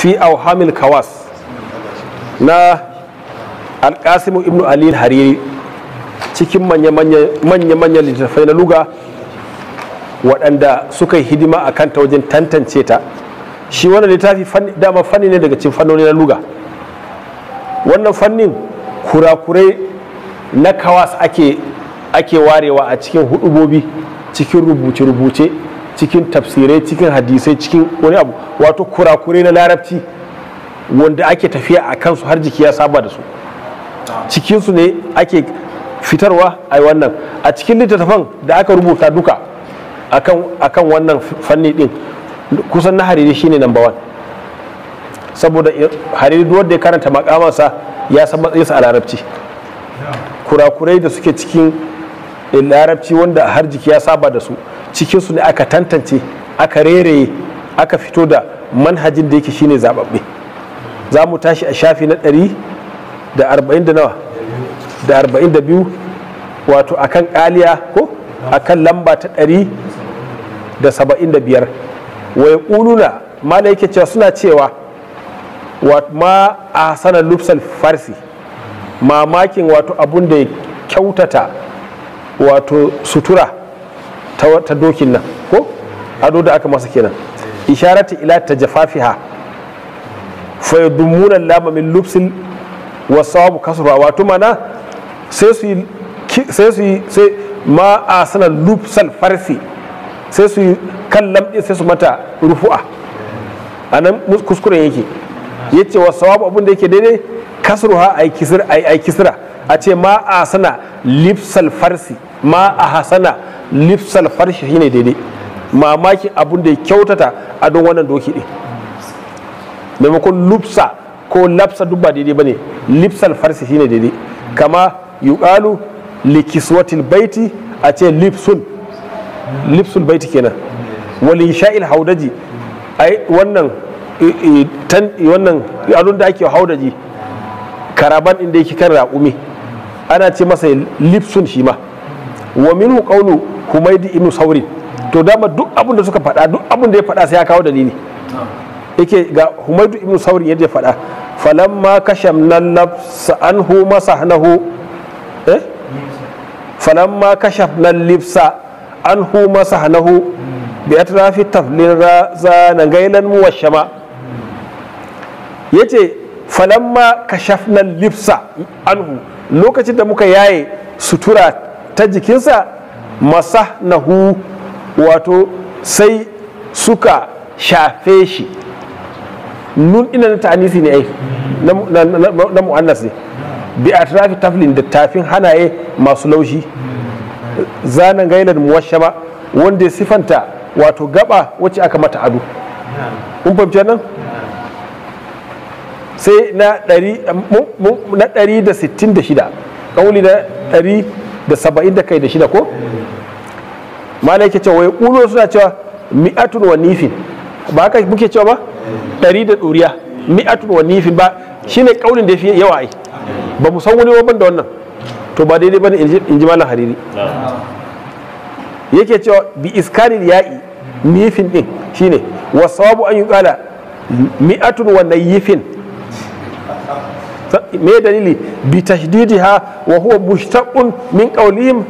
fi auhamil kawas na alkasimu ibnu aliyu hariri cikin manya-manyan littattafai na luga waɗanda suka yi hidima a kanta wajen tantance ta shi wannan littafi dama fanni ne daga cikin fannoni na luga wannan fannin kurakurai na kawas ake, ake warewa a cikin hudubobi cikin rubuce-rubuce cikin tafsirai cikin hadisai cikin wani abu wato kurakurai na larabci wanda ake tafiya a kansu har jiki ya saba da su cikinsu ne ake fitarwa a wannan a cikin littattafan da aka rubuta duka akan wannan fanni din kusan na hariri shine number one saboda hariri duk wanda ya karanta makamansa ya san matsayinsa a larabci kurakurai da suke cikin larabci wanda har jiki ya saba da su cikinsu ne aka tantance aka rere aka fito da manhajin da yake shine zababbe za mu tashi a shafi na ɗari da arba'in da kaliya ko a kan lamba ta ɗari da saba'in da wai yake cewa suna cewa ma a sanar lufsal farsi mamakin wato abun da ya kyautata wato sutura ta dokin nan ko ado da aka masa kenan isharati ila jafafiha fa yadumuna lama min lubsin wa sawabu kasra wato mana sai su sai su sai ma asana lubsal farsi sai su kallam din sai su mata rufu'a anan kuskuren yake yace wa sawabu abin da yake daidai kasruha ay kisra ay kisra a ce ma asana lipsal farsi ma a hasana lifsal farshi shine daidai mamaki abun da ya kyautata a don wannan doki din maimakon lupsa ko lapsa duk ba daidai bane lipsal farsi shine daidai kama yuqalu likiswatil baiti a ce lipsun lipsul baiti kenan wali sha'il haudaji ai wannan tan wannan adon da ake haudaji karaban inda yake kan raƙumi ana ce masa lipsun shi ma wa minhu qawlu humaidi ibn saurin to dama duk abin da suka faɗa duk abin da ya faɗa sai ya kawo dalili yake ga humaidu ibn saurin yadda ya faɗa falamma kashamna lafsa anhu masahnahu eh falamma kashafna lifsa anhu masahnahu bi atrafi taflin razana gailan mu washama yace falamma kashafna lifsa anhu lokacin da muka yaye sutura ta jikinsa masahnahu wato sai suka shafe shi nun ina na ta'anisi ne ai na mu'annas ne bi a trafi taflin da tafin hanaye masu laushi zanen gailar ba wanda ya sifanta wato gaba wacce aka mata ado kun fahimci nan sai na 166 kauli na da saba'in da kai da shida ko mala yake cewa wai ƙuno suna cewa mi'atun wa nifin ba haka muke cewa ba ɗari da ɗuriya mi'atun wa nifin ba shine ƙaunin da ya fi yawa ai ba mu san wani waban da wannan to ba daidai ne in ji malam hariri yake cewa bi iskanin ya'i nifin ɗin shine wabu an yi ƙala mi'atun wa nayifin me dalili bi tahdidiha wa huwa mushtaqun min qawlihim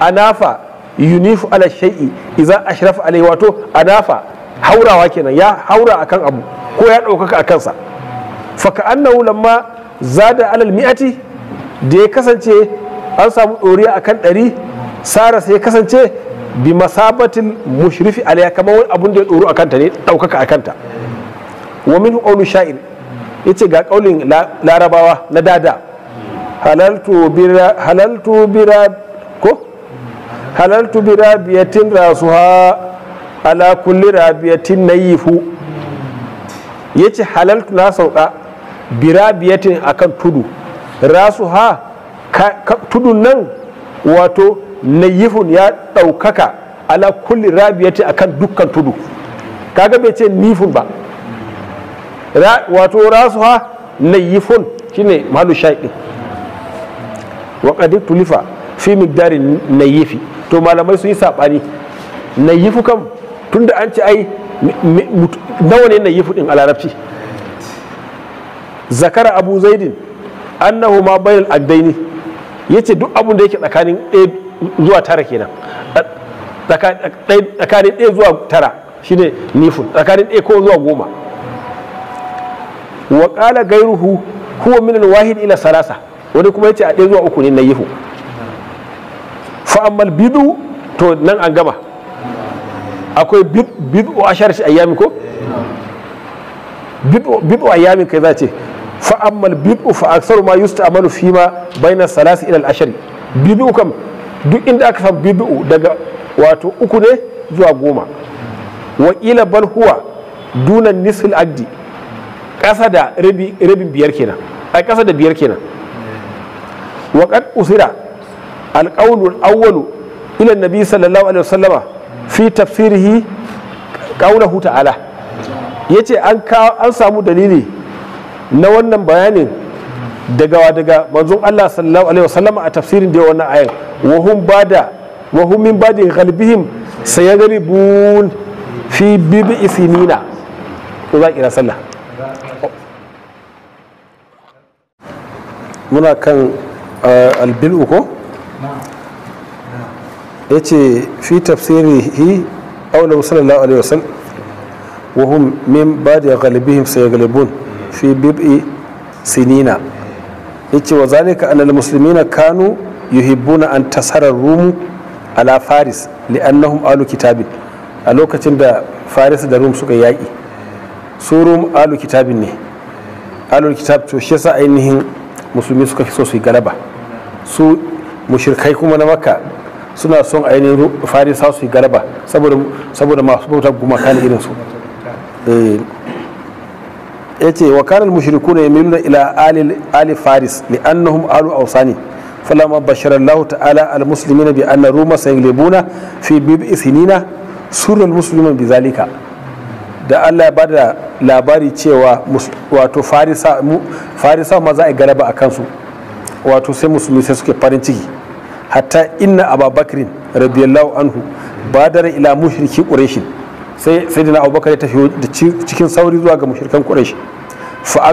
anafa yunifu ala shay'i idza ashrafa alayhi wato anafa haurawa kenan ya haura akan abu ko ya ɗaukaka a kansa faka annahu lamma zada alal mi'ati da ya kasance an samu ɗoriya akan ɗari sara sai ya kasance bi masabatin mushrifi alayha kamar wani abun da ya ɗoro akanta ne ɗaukaka akanta wa minhu qawlu sha'ir yace ga kaulin larabawa na dada halaltu bira halaltu bira ko halaltu bira biyatin rasuha ala kulli rabiyatin nayifu yace halaltu na sauka bira biyatin akan tudu rasuha tudun nan wato nayifun ya ɗaukaka ala kulli rabiyati akan dukkan tudu kaga bai ce nifun ba wato rasuha layyifun shine malu shaiɗi wa qad tulifa fi yi fi. to malamai su yi sabani layyifu kam tunda an ci ai nawa ne layyifu ɗin a larabci zakara abu zaidin annahu ma bainal agdaini ce duk abun da yake tsakanin ɗaya zuwa tara kenan tsakanin ɗaya zuwa tara shine nifun tsakanin ɗaya ko zuwa goma wa ƙala gairuhu huwa minal wahid ila salasa wani kuma yace a ɗaya zuwa uku ne na yihu fa ammal bidu to nan an gama akwai bid'u a shi ayyami ko bid'u ayyami kai za ce fa ammal bid'u fa aksaru ma yusta'malu fi ma baina salasi ila al'ashari bid'u kam duk inda aka san bid'u daga wato uku ne zuwa goma wa ila bal huwa dunan nisfil agdi ƙasa da rabin biyar kenan a ƙasa da biyar kenan wa usira alqawlu alawwalu ila nabi sallallahu alaihi wasallama fi tafsirihi qawluhu ta'ala yace an an samu dalili na wannan bayanin daga daga manzon Allah sallallahu alaihi wasallama a tafsirin da wannan ayan wa hum bada wa hum min badi qalbihim sayagribun fi bib'i isinina ko za kira sallah muna kan eh, albil uku ya ce fi hi aula sallallahu alaihi wasallam wasan hum min galibihim ghalibihim galibun fi bib'i sinina yace wa zalika anna na kanu yuhibbuna an tasarar rumu ala faris li'annahum alu kitabin a lokacin da faris da rum suka yaƙi su rum alu kitabin ne alu kitab to shi yasa ainihin musulmi suka fi so su yi galaba su mushirkai kuma na makka suna son ainihin farisa su yi galaba saboda masu bautar gumaka na irinsu eh, ya ce wa kanar mushiriku ne miluna ila ali faris li annahum alu ausani falama bashar allahu ta'ala al-muslimina bi anna ruma sayin lebuna fi bibi isinina surar musulman bi zalika da Allah ya bada labari cewa wato farisa ma za a galaba a kansu wato sai musulmi sai suke farin ciki hatta inna ababakrin rabiyallahu anhu ba badara ila mushirki quraishin sai sayyidina abubakar ya tafi cikin sauri zuwa ga mushrikan quraish fa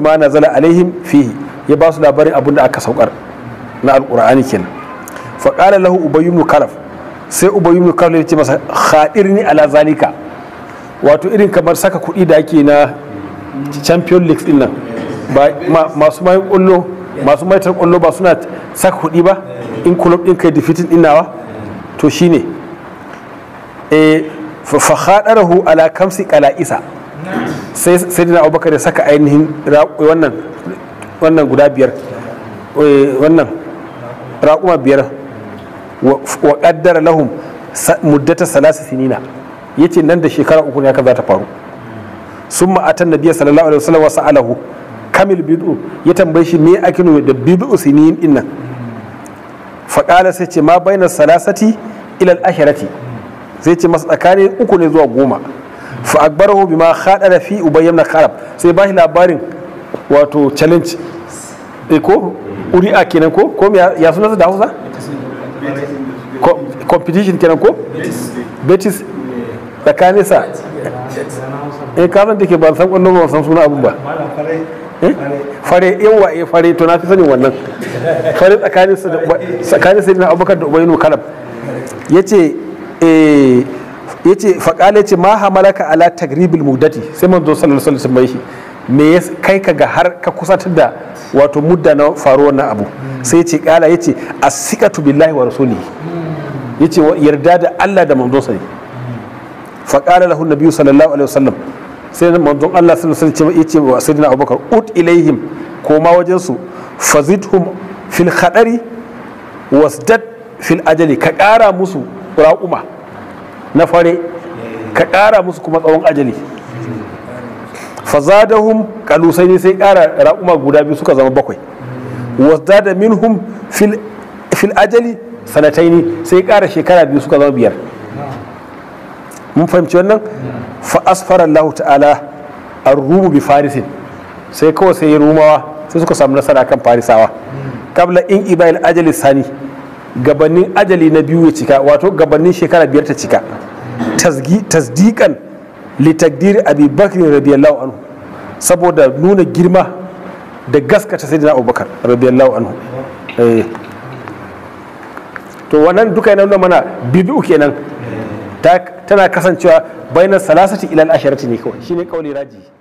ma na nazala alaihim fihi ya ba su labarin abin da aka saukar na alqur'ani kenan fa qala lahu ubay ibn kalaf sai ubay ibn kalaf ya ce masa khadirni ala zalika wato irin kamar saka kuɗi da ake na champion league din nan masu mai kullo masu mai kullo ba suna saka kuɗi ba in club din kai defeating dinawa to shine eh fa khadarahu ala kamsi qala'isa sai sayyidina abubakar ya saka ainihin wannan wannan guda biyar eh, wannan raƙuma biyar wa qaddara lahum muddata salasa sinina yace nan da shekara uku ne haka za ta faru sun ma'atan nabiya sallallahu alaihi wasallam wasu alahu kamil bid'u ya tambaye shi me ake nuna da bid'u sinin din nan faƙala sai ce ma baina salasati ila al-ashirati sai ce masa tsakanin uku ne zuwa goma fa akbarahu bima khadara fi ubay na kharab sai ba shi labarin wato challenge eh ko a kenan ko ko ya sunan da Hausa competition kenan ko betis tsakanin sa eh ka san ke ba san kwallo ba san suna abun ba eh? fare yawa eh fare to na fi sanin wannan fare tsakanin sa da tsakanin sa da Abubakar da Ubaynu Kalab yace eh yace ya yace ma hamalaka ala tagribil mudati sai manzo sallallahu alaihi wasallam bai shi me ya kai ka ga har ka kusatar da wato mudda na faruwar na abu sai ce ce yace asikatu billahi wa rasuli yace yarda da Allah da manzo sai fa qala lahu biyu sallallahu alaihi wasallam sai manzon Allah sallallahu alaihi wasallam yace wa sayyidina Abubakar ut ilaihim koma wajen su fazidhum fil khadari wasdad fil ajali ka ƙara musu ra'uma na fare ka ƙara musu kuma tsawon ajali fazadahum qalusaini sai ƙara ra'uma guda biyu suka zama bakwai wasdad minhum fil ajali sanataini sai ƙara shekara biyu suka zama biyar mun fahimci wannan fa asfara Allah ta'ala ar-rumu bi farisin sai kawai sai rumawa sai suka samu nasara kan farisawa kabla in ibail ajali sani gabanin ajali na biyu ya cika wato gabanin shekara biyar ta cika tasdiqan li takdir abi bakr radiyallahu anhu saboda nuna girma da gaskata sayyidina abubakar radiyallahu anhu eh. to wannan duka yana nuna mana bid'u kenan ta tana kasancewa bainar salasati ilal asharati ne kawai shine kauli raji